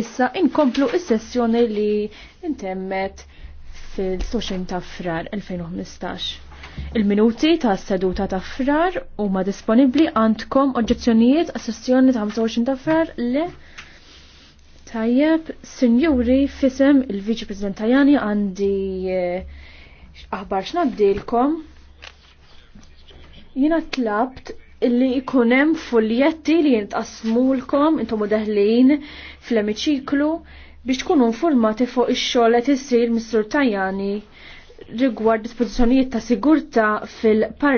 issa inkomplu is-sessjoni li intemmet fil-20 ta' frar 2015. Il-minuti ta' seduta ta' frar huma disponibbli għandkom oġġezzjonijiet għas sessjoni ta' 25 ta' frar le tajjeb sinjuri fisem il-Viċi President Tajani għandi eh, aħbar x'nabdilkom. Jina tlabt illi ikunem fuljetti li jintqasmulkom intom deħlin fl-emiċiklu biex tkunu informati fuq ix-xogħol qed isir Mr. Tajani rigward dispożizzjonijiet ta' sigurtà fil-Parlament.